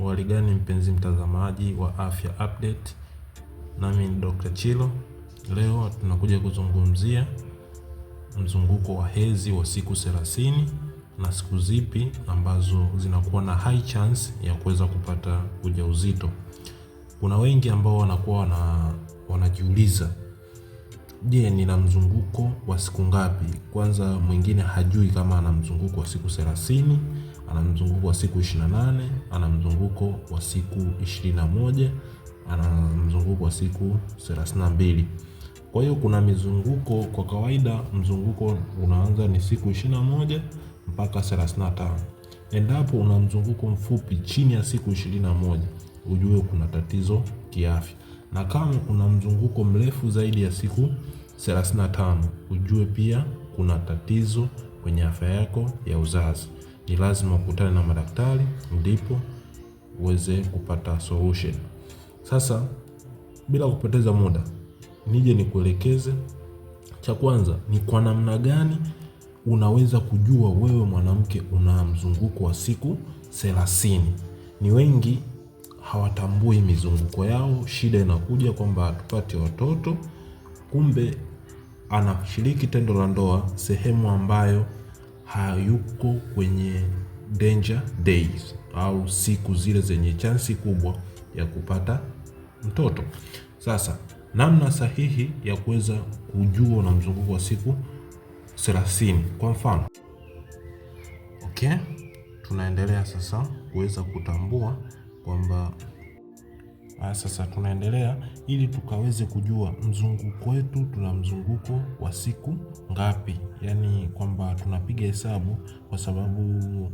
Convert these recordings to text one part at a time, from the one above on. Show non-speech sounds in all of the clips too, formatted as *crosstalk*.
waligani gani mpenzi mtazamaji wa Afya Update, nami ni Dr. Chilo. Leo tunakuja kuzungumzia mzunguko wa hedhi wa siku 30 na siku zipi ambazo zinakuwa na high chance ya kuweza kupata ujauzito. Kuna wengi ambao wanakuwa wana, wanajiuliza je, nina mzunguko wa siku ngapi? Kwanza mwingine hajui kama ana mzunguko wa siku 30 ana mzunguko wa siku 28, ana mzunguko wa siku 21, ana mzunguko wa siku 32. Kwa hiyo kuna mizunguko kwa kawaida, mzunguko unaanza ni siku 21 mpaka 35. Endapo una mzunguko mfupi chini ya siku 21, ujue kuna tatizo kiafya, na kama kuna mzunguko mrefu zaidi ya siku 35, ujue pia kuna tatizo kwenye afya yako ya uzazi ni lazima ukutane na madaktari ndipo uweze kupata solution. Sasa bila kupoteza muda, nije nikuelekeze. Cha kwanza ni kwa namna gani unaweza kujua wewe mwanamke una mzunguko wa siku thelathini. Ni wengi hawatambui mizunguko yao. Shida inakuja kwamba hatupati watoto, kumbe anashiriki tendo la ndoa sehemu ambayo hayuko kwenye danger days au siku zile zenye chansi kubwa ya kupata mtoto. Sasa namna sahihi ya kuweza kujua na mzunguko wa siku 30 kwa mfano okay. Tunaendelea sasa kuweza kutambua kwamba sasa tunaendelea ili tukaweze kujua mzunguko wetu, tuna mzunguko wa siku ngapi, yaani kwamba tunapiga hesabu, kwa sababu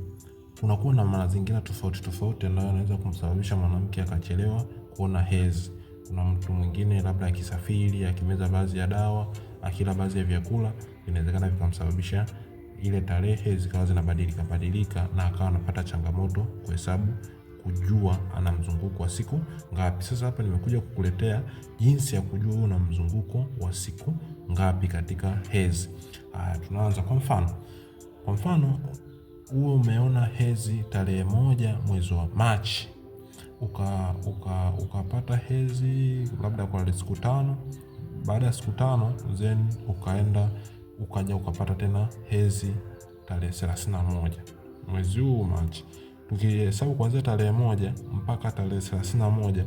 kunakuwa na mazingira tofauti tofauti ambayo yanaweza kumsababisha mwanamke akachelewa kuona hedhi. Kuna mtu mwingine labda akisafiri, akimeza baadhi ya dawa, akila baadhi ya vyakula, inawezekana vikamsababisha ile tarehe zikawa zinabadilika badilika na akawa anapata changamoto kuhesabu kujua ana mzunguko wa siku ngapi. Sasa hapa nimekuja kukuletea jinsi ya kujua una mzunguko wa siku ngapi katika hedhi. Haya, ah, tunaanza kwa mfano. Kwa mfano huo umeona hedhi tarehe moja mwezi wa Machi uka uka ukapata hedhi labda kwa siku tano. Baada ya siku tano then ukaenda ukaja ukapata tena hedhi tarehe thelathini na moja mwezi huu Machi nikihesabu kuanzia tarehe moja mpaka tarehe thelathini na moja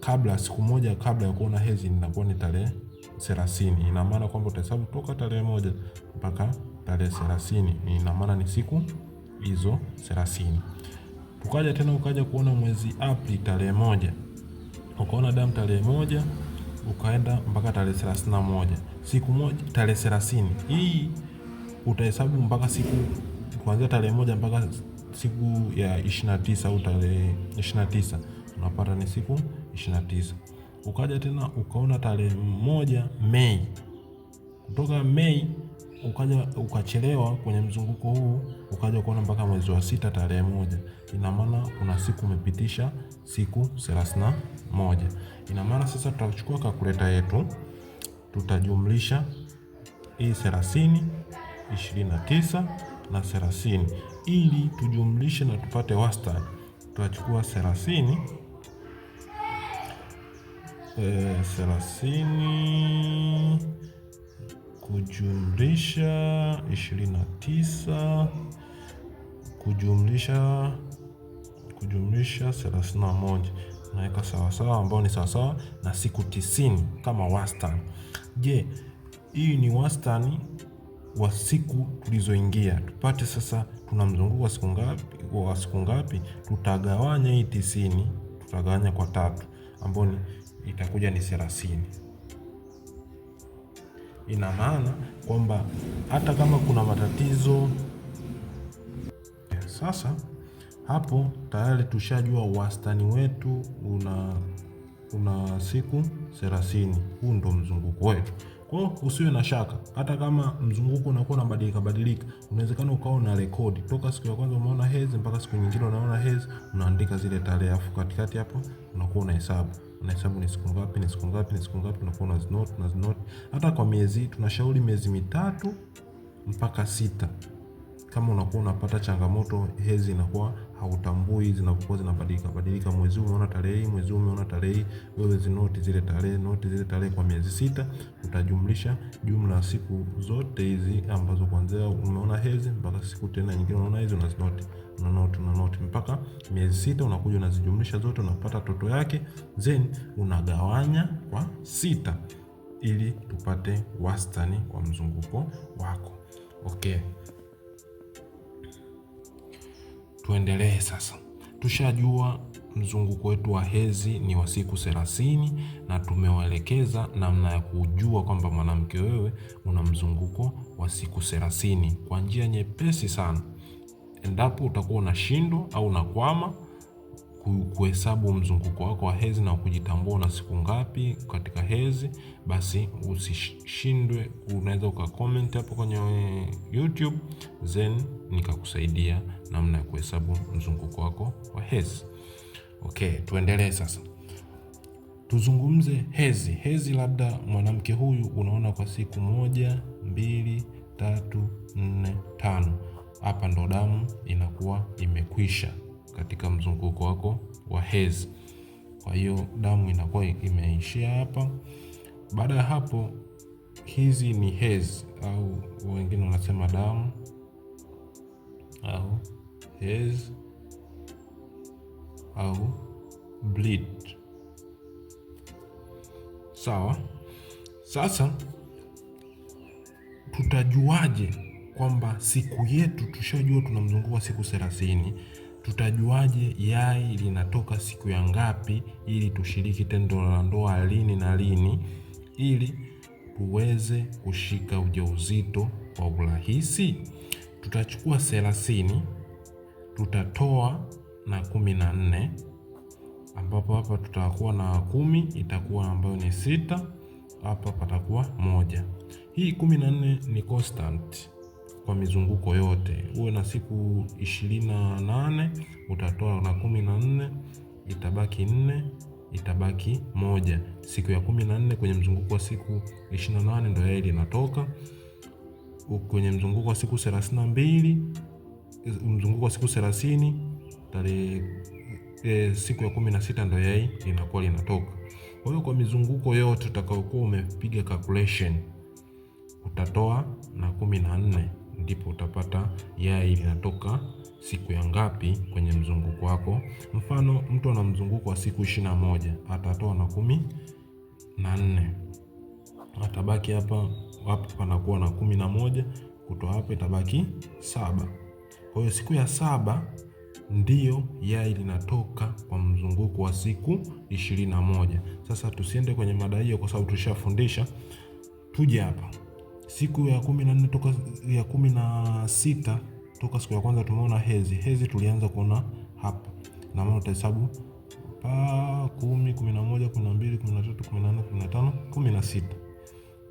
kabla siku moja kabla ya kuona hedhi inakuwa ni tarehe thelathini. Ina maana kwamba utahesabu toka tarehe moja mpaka tarehe thelathini, ina maana ni siku hizo thelathini. Ukaja tena ukaja kuona mwezi Aprili tarehe moja ukaona damu tarehe moja ukaenda mpaka tarehe thelathini na moja siku moja tarehe thelathini hii utahesabu mpaka siku kuanzia tarehe moja mpaka siku ya 29 au tarehe 29, unapata ni siku 29. Ukaja tena ukaona tarehe moja Mei, kutoka Mei ukaja ukachelewa kwenye mzunguko huu, ukaja kuona mpaka mwezi wa sita tarehe moja. Ina maana kuna siku umepitisha siku 31. Ina maana sasa tutachukua kakuleta yetu tutajumlisha hii 30 29 na thelathini ili tujumlishe na tupate wastani. Tutachukua thelathini eh, thelathini kujumlisha ishirini na tisa kujumlisha kujumlisha thelathini na moja naweka sawasawa, ambao ni sawasawa na siku tisini kama wastani. Je, hii ni wastani wa siku tulizoingia, tupate sasa tuna mzunguko wa siku ngapi, wa siku ngapi? Tutagawanya hii tisini, tutagawanya kwa tatu, ambapo itakuja ni thelathini. Ina maana kwamba hata kama kuna matatizo sasa hapo tayari tushajua wastani wetu una, una siku thelathini. Huu ndo mzunguko wetu. Kwa hiyo usiwe na shaka, hata kama mzunguko unakuwa unabadilika badilika, unawezekana ukawa una rekodi toka siku ya kwanza umeona hedhi mpaka siku nyingine unaona hedhi, unaandika zile tarehe, afu katikati hapo unakuwa unahesabu unahesabu ni siku ngapi, ni siku ngapi, ni siku ngapi, unakuwa na unazinote. Hata kwa miezi tunashauri miezi mitatu mpaka sita, kama unakuwa unapata changamoto hedhi inakuwa hautambui zinakuwa zinabadilika badilika, mwezi umeona tarehe hii, mwezi umeona tarehe hii. Wewe zinoti zile tarehe, noti zile tarehe kwa miezi sita, utajumlisha jumla ya siku zote hizi ambazo kuanzia umeona hezi mpaka siku tena nyingine unaona hizi unazinoti na noti na noti mpaka miezi sita, unakuja unazijumlisha zote, unapata toto yake, then unagawanya kwa sita ili tupate wastani wa mzunguko wako. Okay. tuendelee sasa. Tushajua mzunguko wetu wa hedhi ni wa siku 30 na tumewaelekeza namna ya kujua kwamba mwanamke wewe una mzunguko wa siku 30 kwa njia nyepesi sana. Endapo utakuwa unashindwa au unakwama kuhesabu mzunguko wako wa hedhi na kujitambua una siku ngapi katika hedhi, basi usishindwe, unaweza ukacomment hapo kwenye eh, YouTube then nikakusaidia namna ya kuhesabu mzunguko wako wa hedhi. Okay, tuendelee sasa. Tuzungumze hedhi. Hedhi labda mwanamke huyu unaona kwa siku moja, mbili, tatu, nne, tano. Hapa ndo damu inakuwa imekwisha katika mzunguko wako wa hedhi. Kwa hiyo damu inakuwa imeishia hapa. Baada ya hapo, hizi ni hedhi au wengine wanasema damu au hedhi au bleed. Sawa. Sasa tutajuaje kwamba siku yetu, tushajua tuna mzunguko wa siku thelathini. Tutajuaje yai linatoka siku ya ngapi ili tushiriki tendo la ndoa lini na lini ili tuweze kushika ujauzito kwa urahisi? Tutachukua thelathini, tutatoa na kumi na nne ambapo hapa tutakuwa na kumi itakuwa ambayo ni sita, hapa patakuwa moja. Hii kumi na nne ni constant kwa mizunguko yote. Uwe na siku ishirini na nane utatoa na kumi na nne itabaki nne itabaki moja. Siku ya kumi na nne kwenye mzunguko wa siku ishirini na nane ndio yai linatoka. Kwenye mzunguko wa siku thelathini na mbili mzunguko wa siku thelathini tarehe e, siku ya kumi na sita ndio yai linakuwa linatoka. Kwa hiyo kwa mizunguko yote utakayokuwa umepiga calculation utatoa na kumi na nne ndipo utapata yai linatoka siku ya ngapi kwenye mzunguko wako. Mfano, mtu ana mzunguko wa siku ishirini na moja atatoa na kumi na nne atabaki hapa, hapo, panakuwa na kumi na moja kutoa hapo itabaki saba. Kwa hiyo siku ya saba ndiyo yai linatoka kwa mzunguko wa siku ishirini na moja. Sasa tusiende kwenye mada hiyo kwa sababu tushafundisha Tuje hapa. Siku ya kumi na nne toka ya kumi na sita toka siku ya kwanza tumeona hezi hezi, tulianza kuona hapa na maana utahesabu pa kumi, kumi na moja, kumi na mbili, kumi na tatu, kumi na nne, kumi na tano, kumi na sita.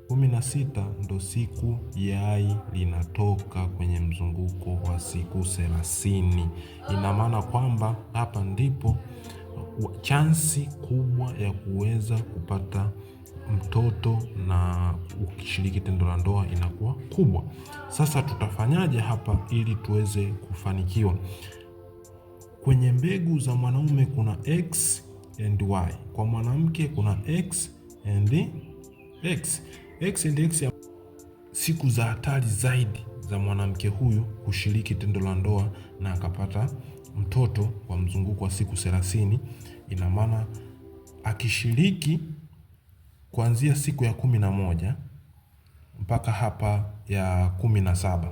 Kumi na sita ndo siku yai linatoka kwenye mzunguko wa siku thelathini. Ina maana kwamba hapa ndipo chansi kubwa ya kuweza kupata mtoto na ukishiriki tendo la ndoa inakuwa kubwa. Sasa tutafanyaje hapa ili tuweze kufanikiwa? Kwenye mbegu za mwanaume kuna X and Y, kwa mwanamke kuna X and X. X and X ya siku za hatari zaidi za mwanamke huyu kushiriki tendo la ndoa na akapata mtoto kwa mzunguko wa siku thelathini. Ina maana akishiriki kuanzia siku ya kumi na moja mpaka hapa ya kumi na saba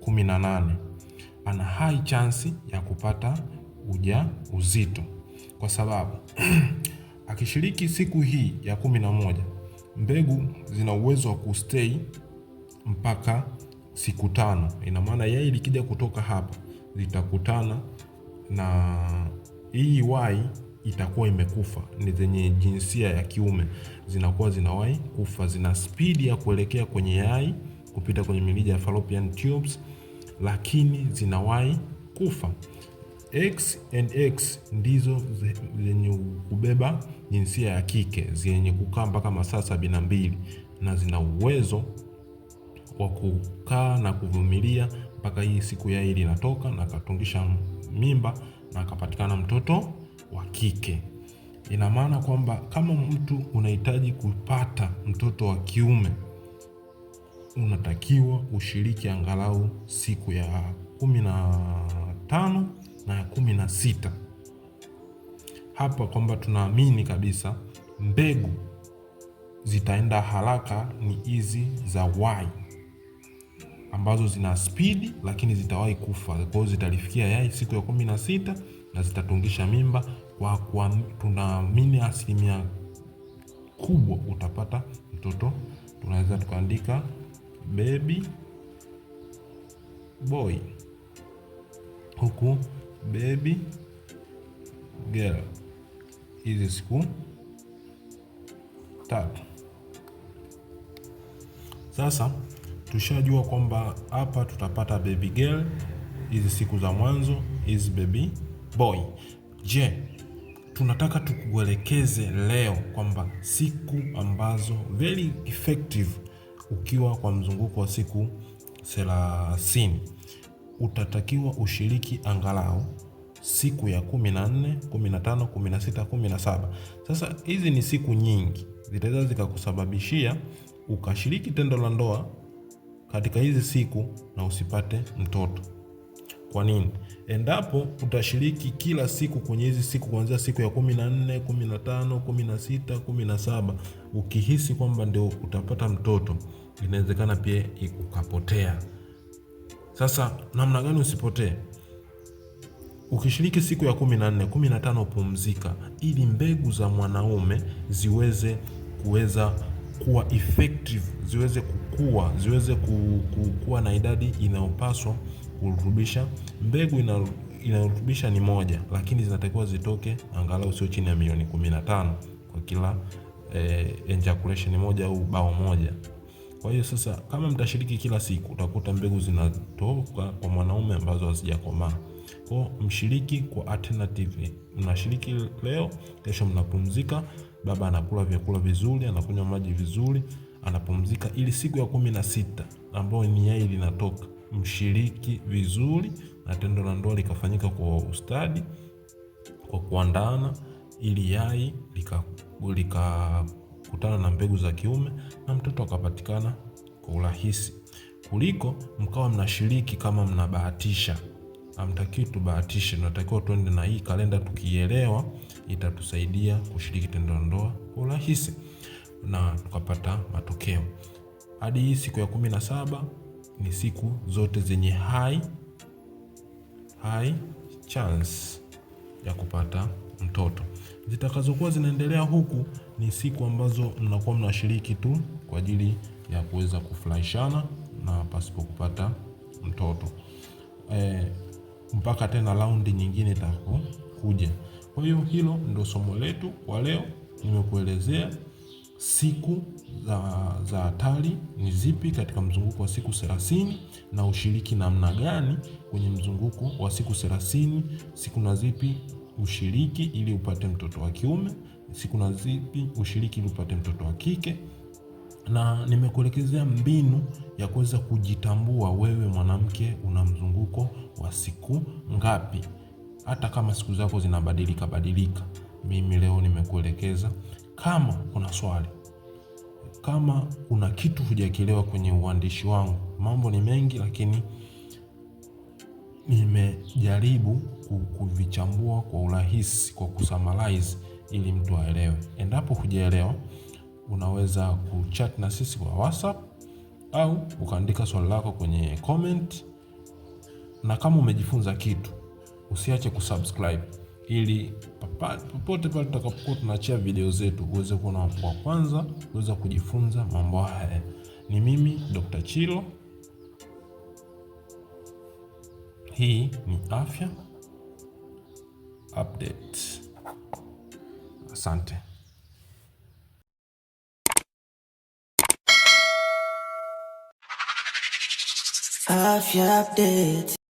kumi na nane ana high chansi ya kupata uja uzito kwa sababu *clears throat* akishiriki siku hii ya kumi na moja mbegu zina uwezo wa kustay mpaka siku tano. Ina maana yai likija kutoka hapa litakutana na hii e wai itakuwa imekufa, ni zenye jinsia ya kiume zinakuwa zinawahi kufa, zina spidi ya kuelekea kwenye yai kupita kwenye mirija ya fallopian tubes, lakini zinawahi kufa. X and X ndizo zenye kubeba jinsia ya kike zenye kukaa mpaka masaa sabini na mbili na zina uwezo wa kukaa na kuvumilia mpaka hii siku yai linatoka na akatungisha mimba na akapatikana mtoto wa kike. Ina maana kwamba kama mtu unahitaji kupata mtoto wa kiume, unatakiwa ushiriki angalau siku ya kumi na tano na ya kumi na sita. Hapa kwamba tunaamini kabisa mbegu zitaenda haraka ni hizi za wai ambazo zina spidi lakini zitawahi kufa. Kwa hiyo zitalifikia yai siku ya kumi na sita na zitatungisha mimba kwa, kwa tunaamini asilimia kubwa utapata mtoto. Tunaweza tukaandika baby boy huku baby girl. Hizi siku tatu. Sasa tushajua kwamba hapa tutapata baby girl hizi siku za mwanzo, hizi baby boy. Je, tunataka tukuelekeze leo kwamba siku ambazo very effective ukiwa kwa mzunguko wa siku 30 utatakiwa ushiriki angalau siku ya 14, 15, 16, 17. Sasa hizi ni siku nyingi, zitaweza zikakusababishia ukashiriki tendo la ndoa katika hizi siku na usipate mtoto. Kwa nini? Endapo utashiriki kila siku kwenye hizi siku kuanzia siku ya kumi na nne, kumi na tano, kumi na sita, kumi na saba, ukihisi kwamba ndio utapata mtoto, inawezekana pia ukapotea. Sasa namna gani usipotee? Ukishiriki siku ya kumi na nne, kumi na tano pumzika, ili mbegu za mwanaume ziweze kuweza kuwa effective, ziweze kukua, ziweze kukua na idadi inayopaswa kurutubisha. Mbegu inayorutubisha ni moja, lakini zinatakiwa zitoke angalau sio chini ya milioni 15 kwa kila eh, ejaculation moja au bao moja. Kwa hiyo sasa, kama mtashiriki kila siku, utakuta mbegu zinatoka kwa mwanaume ambazo hazijakomaa. Kwa mshiriki kwa alternative, mnashiriki leo, kesho mnapumzika. Baba anakula vyakula vizuri, anakunywa maji vizuri, anapumzika, ili siku ya kumi na sita ambayo ni yai linatoka mshiriki vizuri na tendo la ndoa likafanyika kwa ustadi, kwa kuandana, ili yai likakutana na mbegu za kiume na mtoto akapatikana kwa urahisi, kuliko mkawa mnashiriki kama mnabahatisha. Hamtakiwi tubahatishe, natakiwa tuende na hii kalenda. tukielewa itatusaidia kushiriki tendo la ndoa kwa urahisi na tukapata matokeo. Hadi hii siku ya kumi na saba ni siku zote zenye high, high chance ya kupata mtoto. Zitakazokuwa zinaendelea huku ni siku ambazo mnakuwa mnashiriki tu kwa ajili ya kuweza kufurahishana na pasipo kupata mtoto e, mpaka tena raundi nyingine itakuja. Kwa hiyo hilo ndio somo letu kwa leo, nimekuelezea siku za hatari ni zipi katika mzunguko wa siku 30 na ushiriki namna gani kwenye mzunguko wa siku 30, siku na zipi ushiriki ili upate mtoto wa kiume, siku na zipi ushiriki ili upate mtoto wa kike na nimekuelekezea mbinu ya kuweza kujitambua wewe mwanamke una mzunguko wa siku ngapi, hata kama siku zako zinabadilika badilika. Mimi leo nimekuelekeza. Kama kuna swali kama kuna kitu hujakielewa kwenye uandishi wangu, mambo ni mengi, lakini nimejaribu kuvichambua kwa urahisi, kwa kusummarize ili mtu aelewe. Endapo hujaelewa, unaweza kuchat na sisi kwa WhatsApp au ukaandika swali lako kwenye comment, na kama umejifunza kitu usiache kusubscribe ili popote pale tutakapokuwa tunaachia video zetu uweze kuona wa kwanza uweze kujifunza mambo haya. Ni mimi Dr. Chilo. Hii ni Afya Update. Asante. Afya Update.